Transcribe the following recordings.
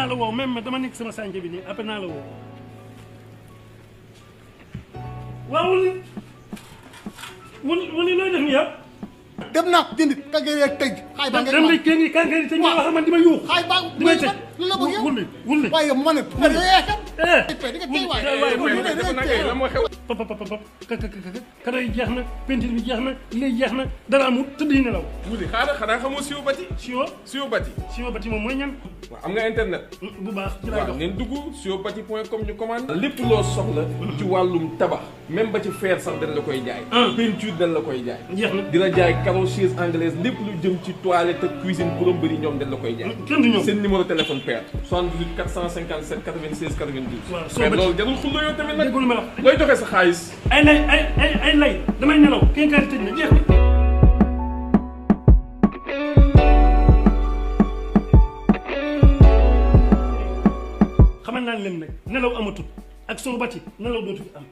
naa la woo même dama nekk sama sànq bi nii après naa la woo waaw wuli wuli looy def nii ah? xaay ba ngeen ma dem kenn kàggee tëj wax man di ma yuux xaay ba di ma pop pop pop kaka yi jeex na peinture bi jeex na lii jeex na dara amul tëdd yi nelaw. wuute xaaral xanaa xamoo siwo bati. siwo siwo bati. siwo bati moom mooy ñan. waaw am nga internet. Mm, bu baax ci laay dox waaw nañ dugg siwo bati point com ñu commande. lépp loo soxla. ci wàllum tabax. même ba ci fer sax dañ la koy jaay. Ah. peinture dañ la koy jaay. jeex na dina jaay carreau chaise anglaise lépp lu jëm ci toilette ak cuisine borom bëri ñoom dañ la koy jaay. Mm, kenn du ñoom seen numéro téléphone père. 78 457 96 92. waaw soo bati mais loolu jarul xulóo yow tamit nag. déggul ma wax looy joxe sa xaalis xaalis. ay lay ay ay ay lay damay leen nag nelaw amatul ak soobati nelaw dootu fi am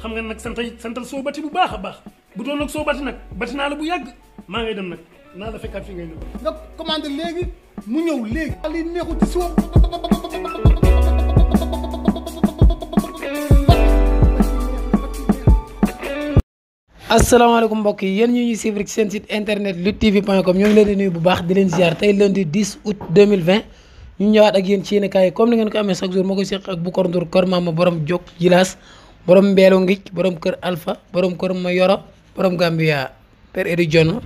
xam nga nag santay santal soobati bu baax a baax bu doon nag soobati nag bati naa la bu yàgg maa ngay dem nag naa la fekkaat fi ngay ñëw. nga commandé léegi mu ñëw léegi. xale yi neexut ci asalaamaaleykum mbokk yi yéen ñu ñuy suivre ci seen site internet luttetv.com ñoo ngi leen di nuyu bu baax di leen ziar tey lundi 10 août 2020 ñu ñëwaat ak yéen ci yéen kaay comme ni ngeen ko amee chaque jour moo ko seq ak Boucar Ndour kër maama borom Jok Jilaas borom Mbeelo Ngij borom kër Alpha borom kër Mayoro borom Gambia Père Edi John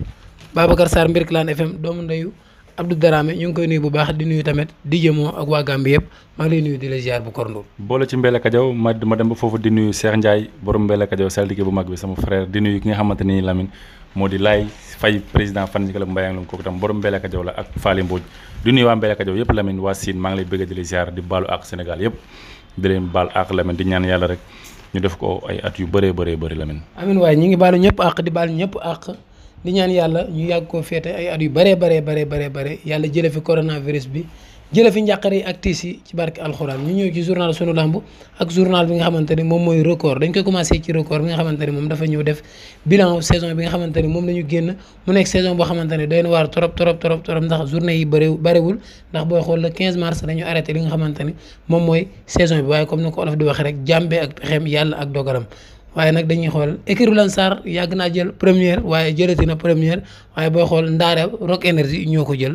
Babacar Sarr Mbirkelane FM doomu ndeyu Abdou Darame ñu ngi koy nuyu bu baax di nuyu tamit DJ Mo ak waa Gambie yëpp maa lay nuyu di la ziar bu Kor Ndour. boole ci Mbele Kajaw ma ma dem ba foofu di nuyu Cheikh Ndiaye borom Mbele Kajaw saltige bu mag bi sama frère di nuyu ki nga xamante ni Lamine moo di Laay Faye président fan club Mbayang Loum kooku la ak Faly Mbodj di nuyu waa Mbele Kajaw yëpp Lamine waa Sine maa ngi lay bëgg di la di baalu ak Sénégal yëpp di leen baal ak Lamine di ñaan ko ay yu bëree bëree bëri Lamine. amiin waaye ñu ngi baalu di ñaan yàlla ñu yàgg koo féete ay at yu bare bare bare bare bare yàlla jële fi coronavirus bi jële fi njàqare yi ak tiis yi ci barke alxuraan ñu ñëw ci journal sunu làmb ak journal bi nga xamante ni moom mooy dañ koy commencé ci record bi nga xamante ni moom dafa ñëw def bilan saison bi nga xamante moom la ñu génn mu nekk saison boo xamante ni doy na waar trop trop trop trop ndax journée yi bëri ndax boo xool le 15 mars dañu arrêté li nga xamante ni moom mooy saison bi waaye comme ni ko olof di waxee rek jàmbe ak pexeem yàlla ak dogalam waaye nag dañuy xool écurie bu Lansar yàgg naa jël première waaye jëlati na première waaye boo xool ndaare Rock Énergie ñoo ko jël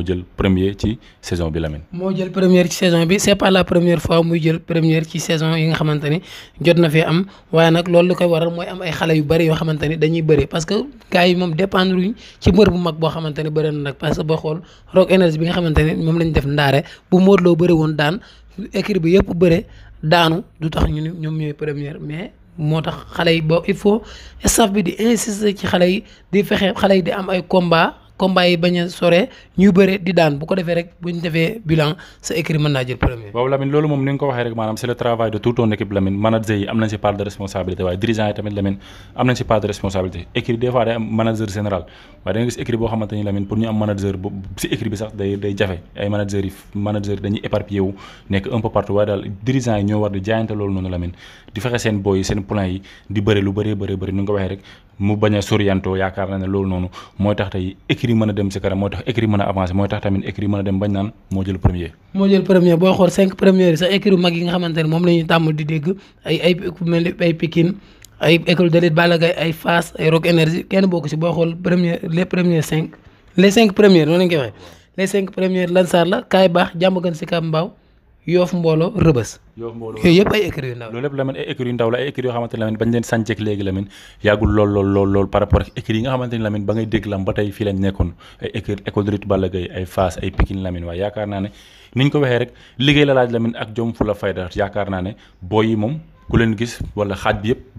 moo jël premier ci saison bi Lamine. moo jël première ci saison bi c'est pas la première fois muy jël première ci saison yi nga xamante jot na fi am waaye nag loolu koy waral mooy am ay xale yu bëri yoo xamante dañuy bëri parce que gars moom dépendre luñ ci mbër bu mag boo xamante bëri nag parce que boo xool rock énergie bi nga xamante moom lañ def ndaare bu Modou Lo bëri woon daan équipe bi yëpp bëre daanu du tax ñu ñoom ñooy première mais. moo combat yi bañ a sore ñuy bëre di daan bu ko defee rek bu defee bilan sa écrit mën naa waaw Lamine loolu moom ni nga ko waxee rek maanaam c'est le travail de toute ton équipe Lamine manager yi am nañ ci part de responsabilité waaye dirigeant am manager général waaye da gis écrit boo xamante ni Lamine pour ñu am manager bu écrit bi sax day day jafe ay manager yi manager dañuy éparpillé wu nekk un peu partout waaye daal dirigeant yi ñoo mu bañ a soriantoo yaakaar na ne loolu noonu mooy tax tey écrit mën a dem si kanam mooy tax écrit mën a avancé mooy a dem bañ naan moo jël premier moo jël premier boo xool cinq première yi sax écrit mag yi nga xamante ne moom la tàmm di dégg ay ay ku ay école de lutte Balla Gaye ay Fass ay Rock Énergie kenn bokk si boo xool premier les premiers cinq les cinq premières noonu la ñu koy waxee les cinq premières Lansar la Kaay Baax Jàmm Gën si Kàmbaaw Yoof Mbooloo Rëbës yooyu ay écuries yu ndaw loolu yëpp Lamine ay écuries yu ndaw la ay écuries yoo nga xamante ne Lamine ba ngay dégg lam ba tey fii lañ nekkoon ay écurie école de lutte ay Fass ay Pikine Lamine waaye yaakaar naa ne ni ko waxee rek liggéey la laaj Lamine ak jom fu la fayda yaakaar naa ne booy yi moom ku leen gis wala xaaj bi yëpp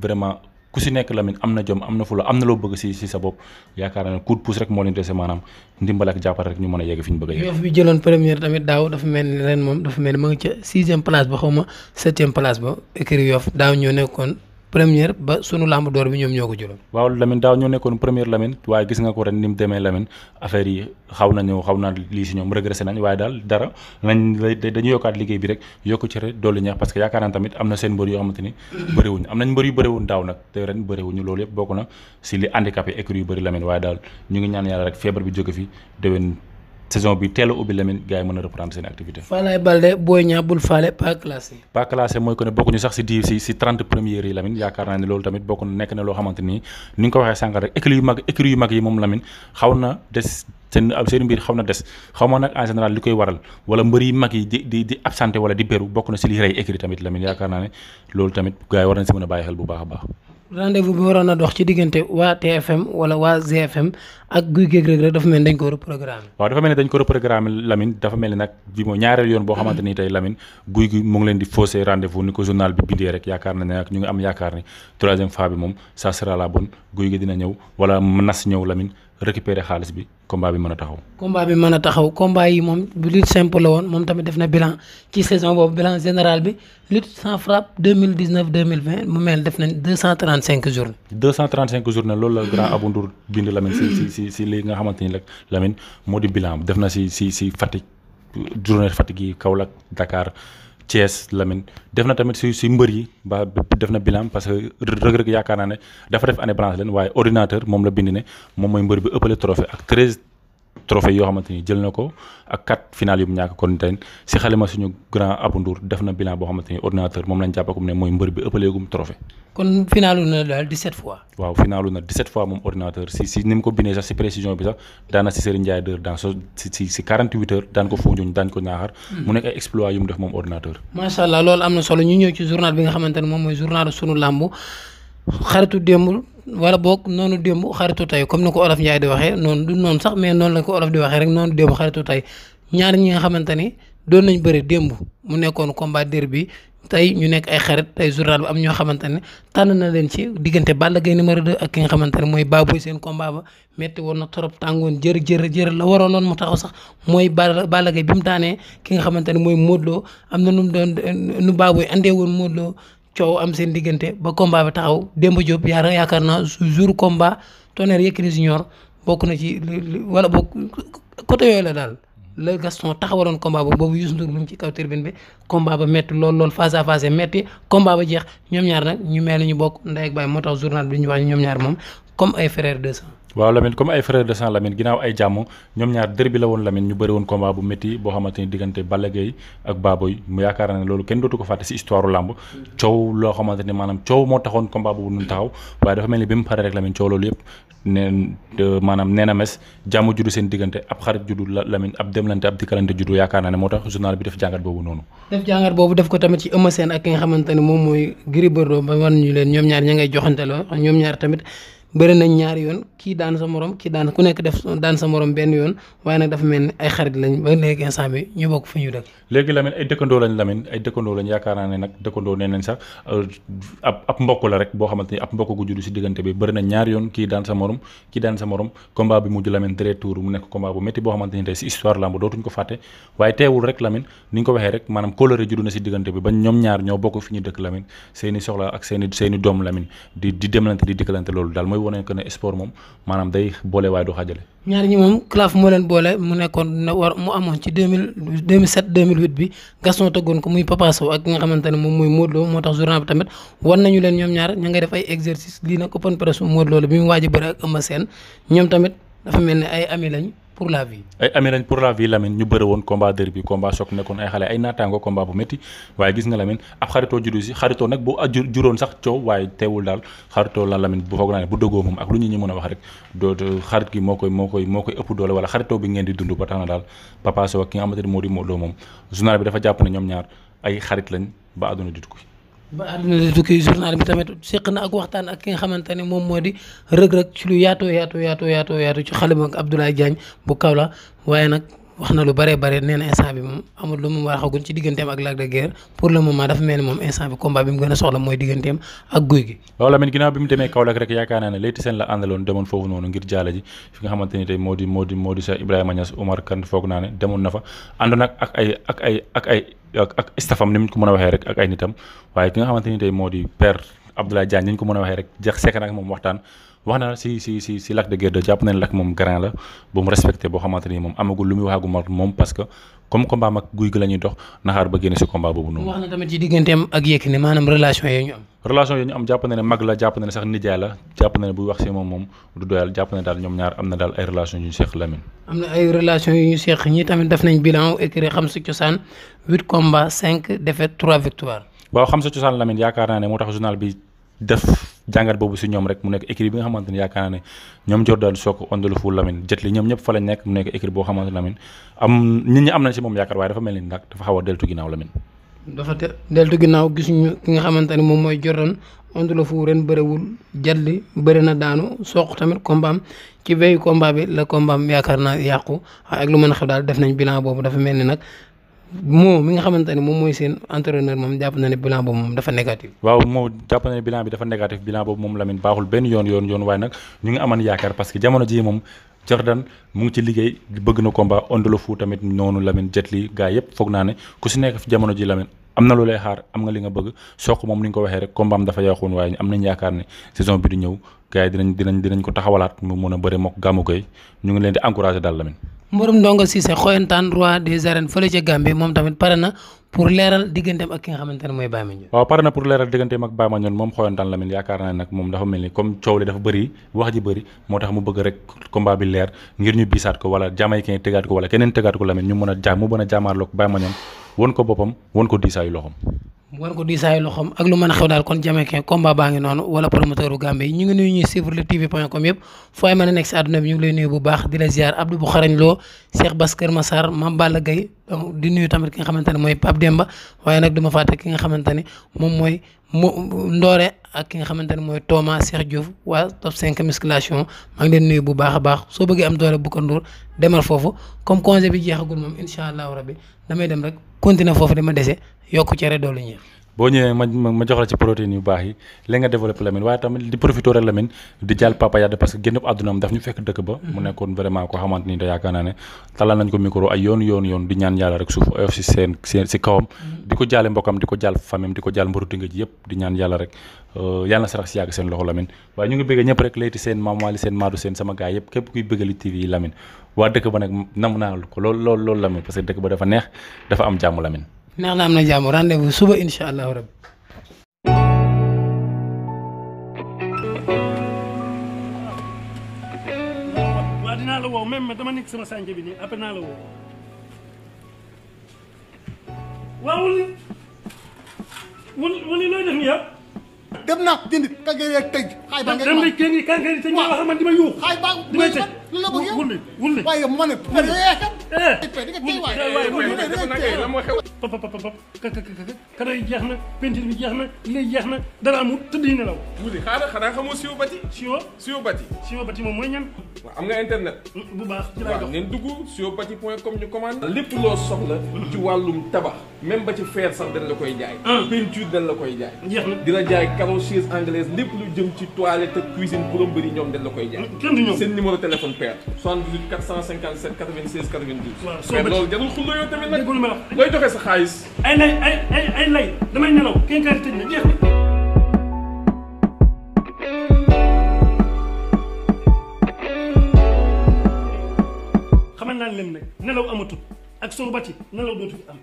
ku si nekk Lamine am na jom am na fula am na loo bëgg si sa bopp yaakaar naa ne coup pouce rek moo leen dese maanaam ndimbal ak jàppale rek ñu mën a yegg fi bëgg a yegg. Yoff bi jëloon première tamit daaw dafa mel ni ren moom dafa mel ni ma nga ca sixième place ba xaw ma septième ba écurie Yoff daaw ñoo nekkoon première ba sunu làmb door bi ñoom ñoo ko jëloon. waaw Lamine daaw ñoo nekkoon première Lamine waaye gis nga ko ren ni demee Lamine affaire yi xaw nañu xaw naa lii si ñoom régressé nañ waaye daal dara nañ dañu yokkaat liggéey bi rek yokku ci rek dolli ñeex parce que tamit am na seen mbër yoo xamante ni bëriwuñu am nañ mbër yu bëriwuñ daaw nag te ren bëriwuñu loolu yëpp bokk na si li handicapé écurie yu bëri Lamine waaye daal ñu ngi ñaan yàlla rek saison bi teel a ubbi Lamine gars yi mën a reprendre seen activité. Falaye Balde Boy Niang bul faale pas classé. pas classé mooy que ne bokkuñu sax si di si si trente premières yi Lamine yaakaar naa ne loolu tamit bokk na nekk yi moom xaw na na des xaw koy waral wala mbër yu mag yi di di di absenté wala di beru bokk na si li rey tamit Lamine yaakaar naa ne loolu tamit gars yi a bàyyi xel bu baax a baax. rendez-vous bi waroon a dox ci diggante waa TFM wala waa GFM ak guy géeg rek rek dafa mel ni dañ ko reprogrammé waaw dafa mel ni dañ ko reprogrammé Lamine dafa mel ni nag bi mooy ñaareel yoon boo xamante ni tey Lamine guy gi mu ngi leen di faussé rendez-vous ni ko journal bi bindee rek yaakaar na ne nag ñu ngi am yaakaar ni troisième fois bi moom ça sera la bonne guy gi dina ñëw wala nas ñëw Lamine récupérer xaalis bi combat bi mën a taxaw. combat bi a taxaw combat yi moom bu lutte simple la woon moom tamit def na bilan ci saison boobu bilan général bi lutte sans frappe deux mille dix neuf deux mille vingt mu mel def nañ journée. journée loolu la grand Abou bind Lamine si si si si nga xamante ni rek Lamine moo di bilan def na si si si Fatick journée Fatick yi Kaolack Dakar. Thiès Lamine def na tamit si si mbër yi ba def na bilan parce que rëg-rëg yaakaar naa ne dafa def année blanche leen waaye ordinateur moom la bind ne moom mooy mbër bi ëppale trophée ak treize trophée yoo xamante ni jël na ko ak quatre finales yu ñàkk kon si xalima suñu grand Abou Ndour def na bilan boo xamante ordinateur moom lañ jàppakum ne mooy mbër bi ëppaleegum trophée kon finalu na daal 17 fois waaw finalu na 17 fois moom ordinateur si si ni mu ko bindee sax si précision bi sax daana si Serigne Ndiaye dër dans so si si si 48 heures daan ko Foundiougne daan ko ñaaxar hmm. mu nekk ay exploit yu def moom ordinateur macha allah wala boog noonu démb xaritu tey comme ni ko olof Njaay di waxee noonu du noonu sax mais noonu la ko olof di waxee rek noonu démb xaritu tey ñaar ñi nga xamante ni doon nañ bëri démb mu nekkoon combat derby tey ñu nekk ay xarit tey journal bi am ñoo xamante ne tànn na leen ci diggante Balla Gaye numéro 2 ak ki nga xamante ne mooy Baboy seen combat ba metti woon na trop tàngoon jër jër jër la waroon loon mu taxaw sax mooy Balla Gaye bi mu daanee ki nga xamante ne mooy Modou Lo am na nu mu doon nu Baboy andee woon Modou Lo coow am seen diggante ba combat ba taxaw Demba Diop yaara yaakaar naa jour combat Tonnerre Yékini Junior bokk na ci wala bokk côté yooyu la daal la Gaston taxawaloon combat boobu boobu Youssou Ndour mu ngi ci kaw tribune bi combat ba métti lool lool face à face métti combat ba jeex ñoom ñaar nag ñu mel ni ñu bokk ndey ak baay moo tax journal bi ñu wax ñoom ñaar moom comme ay frères de sang waaw Lamine comme ay frère de sang Lamine ginnaaw ay jàmm ñoom ñaar derby la woon Lamine ñu bëri woon bu métti boo xamante ni maanaam coow moo taxoon combat boobu nun taxaw waaye dafa mel ni bi mu paree rek Lamine coow loolu yëpp neen maanaam nee mes jàmm juddu seen diggante ab xarit juddu Lamine ab demlante ab dikkalante juddu yaakaar naa ne moo tax journal bi def jàngat boobu noonu def jàngat boobu def ko tamit ci Eumeu Sène ak ki nga bëri nañ ñaari yoon kii daan sa morom kii daan ku nekk def daan sa morom benn yoon waaye nag dafa mel ni ay xarit lañ ba bokk fi ñu dëkk. léegi Lamine ay dëkkandoo lañ Lamine ay dëkkandoo lañ yaakaar naa ne nag dëkkandoo nee nañ sax euh, ab ab la rek boo xamante ni ab mbokk gu juddu si diggante bi bëri nañ yoon kii daan sa morom kii daan sa morom combat bi mujj Lamine très tour mu nekk combat bu métti boo xamante ni tey ko fàtte waaye maanaam kóllëre na si diggante bi ba ñoom ñaar ñoo bokk fi ñu dëkk Lamine seeni soxla ak seeni seeni doom Lamine di di demlante di dikkalante loolu daal wane que ne sport moom maanaam day boole waaye du xaajale. ñaar ñi moom Claf moo leen boole mu nekkoon na war mu amoon ci deux mille deux mille sept deux mille huit bi Gaston ko muy Papa ak ki moom mooy Modou moo tax journal bi tamit wan nañu leen ñoom ñaar ña def ay exercice lii nag open press Modou la bi mu waaj a ak Eumeu Sène ñoom tamit dafa mel ni ay ami lañu. pour la vie. ay amee nañ pour la vie Lamine ñu bëre woon combat derby combat choc nekkoon ay xale ay naataango combat bu métti waaye gis nga Lamine ab xaritoo juddu si xaritoo nag bu juróon sax coow waaye teewul daal xaritoo la Lamine bu foog naa ne bu dëggoo moom ak lu ñu ñu mën a wax rek doo xarit gi moo koy moo koy moo koy ëpp doole wala xaritoo bi ngeen di dund ba tax na daal Papa Sow ki nga xamante moo di Modou moom journal bi dafa jàpp ne ñoom ñaar ay xarit lañ ba àdduna di tukki ba àdduna di tukki journal bi tamit séq na ak waxtaan ak ki nga xamante ne moom moo di rëg-rëg ci lu yaatoo yaatoo yaatoo yaatoo yaatoo ci xale bu Abdoulaye Diagne bu Kaolack waaye nag wax na lu bëree bare nee na instant bi moom amul lu mu waxagul ci digganteem ak Lac de Guiers pour le moment dafa mel ni mu a soxla mooy digganteem ak guy gi waaw Lamine ginnaaw bi mu demee Kaolack rek yaakaar naa ne Leyti Sène la àndaloon demoon foofu noonu ngir jaale ji fi nga xamante ni tey moo di moo di moo di Cheikh Ibrahima Niass Omar Kane foog naa ne demoon na fa àndoon na ak ay ak ay ak ay ak stafam ni mu ko mën a waxee rek ak ay nitam waaye ki nga xamante ni tey moo di père Abdoulaye Diagne ni ko mën a waxee rek jeex sekk na ak waxtaan wax na si si si si de Guiers 2 jàpp nañ Lac moom grand la bu mu respecté boo xamante ni moom amagul lu muy waxagu ma moom parce que comme combat mag guy gi la jàpp na ne mag la jàpp na ne sax nijaay la jàpp na ne buy wax si moom moom du doyal jàpp na daal ñoom ñaar am na daal ay relation yu ñu seex Lamine. am na ay relation yu ñu seex ñi tamit def nañ bilan écrit xam sa cosaan huit combats cinq défaites trois victoires. waaw xam sa cosaan Lamine yaakaar naa ne moo tax journal bi def jàngat boobu si ñoom rek mu nekk équipe bi nga xamante yaakaar naa ne ñoom Jordan Soko Ondolofou Lamine Jet li ñoom ñëpp fa nekk mu nekk équipe boo xamante ne Lamine am nit ñi am nañ si a deltu ginnaaw ne moom mooy Jordan Ondolofou ren bëriwul Jet li bëri na daanu Soko tamit kombaam ci veyu combat bi la kombaam yaakaar naa yàqu ak lu mën a xew daal def nañ bilan boobu dafa mel ni nag moo mi nga xamante ne moom mooy seen entraîneur moom jàpp na ne bilan boobu moom dafa négatif. waaw moo jàpp na ne bilan bi dafa négatif bilan boobu moom Lamine baaxul benn yoon yoon yoon waaye nag ñu ngi aman yaakaar parce que jamono ji moom Jordan mu ngi ci liggéey bëgg na combat Ondolo Fou tamit noonu Lamine Jet Li gars yëpp foog naa ne ku si nekk jamono ji Lamine am na lu lay xaar am nga li nga bëgg soq moom ni nga ko waxee rek combat am dafa yàquwoon waaye am nañ yaakaar ne saison bi di ñëw gars yi dinañ dinañ dinañ ko taxawalaat mu mën a bëri mook Gamou Gueye ñu ngi leen di encouragé daal Lamine mborum Ndongo Cissé xoyantaan roi des arènes fële ca Gambie moom tamit pare na pour leeral digganteem ak ki nga xamante ne mooy Baye Mandione waaw pare na pour leeral digganteem ak Baye Mandione moom xoyantaan Lamine yaakaar naa nag moom dafa mel ni comme coow li dafa bëri wax ji bëri moo tax mu bëgg rek combat bi leer ngir ñu biisaat ko wala jamaïcain tegaat ko wala keneen tegaat ko Lamine ñu mën a jaam mu mën a jaamaarloog Baye Mandione won ko boppam won ko war ko diisaayu loxoom ak lu mën a xew daal kon Jamaïcain combat baa ngi noonu wala promoteur u Gambie yi ñu ngi nuyu ñuy suivre luttetv.com yëpp fooy mën a nekk si àdduna bi ñu ngi lay nuyu bu baax di la ziar Abdou bu xarañ loo Cheikh Bass Kër Massar Mame Balla Gaye donc di nuyu tamit ki nga xamante ne mooy Pape Demba waaye nag du ma fàtte ki nga xamante ne moom mooy mu Ndoore ak ki nga xamante ne mooy Thomas Cheikh Diouf waa top 5 musculation maa ngi nuyu bu baax a baax soo bëggee am doole bu ko nduur demal foofu comme congé bi jeexagul moom incha allahu rabi damay dem rek continuer foofu dama dese yokku cere doole ñëw. boo ñëwee ma ma jox la ci protéine yu baax yi léegi nga développé Lamine waaye tamit di profité rek Lamine di jàll Papa Yade parce que génn bu àdduna am daf ñu fekk dëkk ba. mu mm-hmm. nekkoon vraiment ne talal nañ ko micro ay yoon yoon yoon di ñaan yàlla rek si seen di ko jaale mbokkam di ko jaal famim di ko jaal mbaru tëngëj yëpp di ñaan yàlla rek euh, yàlla na sarax yàgg seen loxo Lamine waaye ñu ngi bëgg ñëpp rek layti seen Mame seen Madou sama gaay yëpp képp kuy bëggali TV Lamine waa dëkk ba nag nam naa ko lool lool loolu parce que dëkk ba dafa neex dafa am jàmm Lamine neex na am na jàmm rendez suba incha allahu rabbi waaw wuli wuli looy def nii ah. dem naa jëndi kàggee yeeg tëj. xay ba ngeen dem nañ kenn kàggee di tëj nga xam man di ma yuux. xay ba di ma tëj lu la bëgg yow wuli wuli. waaye ma ne per yeekam. di nga tey waaye wuli da nga tey la moo xew. pop pop pop ka ka ka kada yi jeex na peinture bi jeex na lii jeex na dara amul tëdd yi nelaw. wuli xaaral xanaa xamoo siwo bati. siwo siwo bati. siwo bati moom mooy ñan. am nga internet. bu baax ci laay dox waaw ngeen dugg siopati point com ñu commande. lépp loo soxla. ci wàllum tabax. même ci fer sax dañ la koy jaay. Ah. peinture dañ la koy jaay. jeex na dina jaay carreau chaise anglaise lépp lu jëm ci toilette ak cuisine plomberie ñoom dañ la koy jaay. Mm, kenn du ñoom seen numéro téléphone père. 78 457 96 92. waaw soo bëri mais loolu jarul xuloo yow tamit nag. looy joxe sa xaalis. ay lay ay lay damay nelaw. kéenkaari tëj na jeex na. naan leen nag nelaw amatul ak soobati nelaw dootu fi am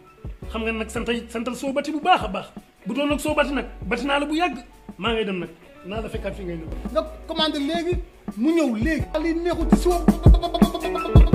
xam nga nag sant santal soobati bu baax a baax bu doon nag soobati nag bati naa la bu yàgg maa ngay dem nag naa la a fi ngay ñëw. nga commandé léegi mu ñëw léegi. li neexu ci suuf.